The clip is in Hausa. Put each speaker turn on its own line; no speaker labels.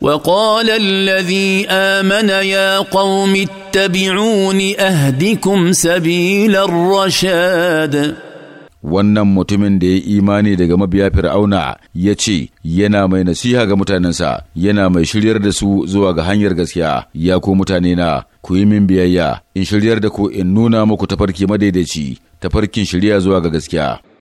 وقال الذي امن يا قوم اتبعون اهدكم سبيل الرشاد
wannan mutumin da ya yi imani daga mabiya fir'auna ya ce yana mai nasiha ga mutanensa yana mai shiryar da su zuwa ga hanyar gaskiya ya ku mutane na ku yi min biyayya in shiryar da ku in nuna muku tafarki madaidaici tafarkin shirya zuwa ga gaskiya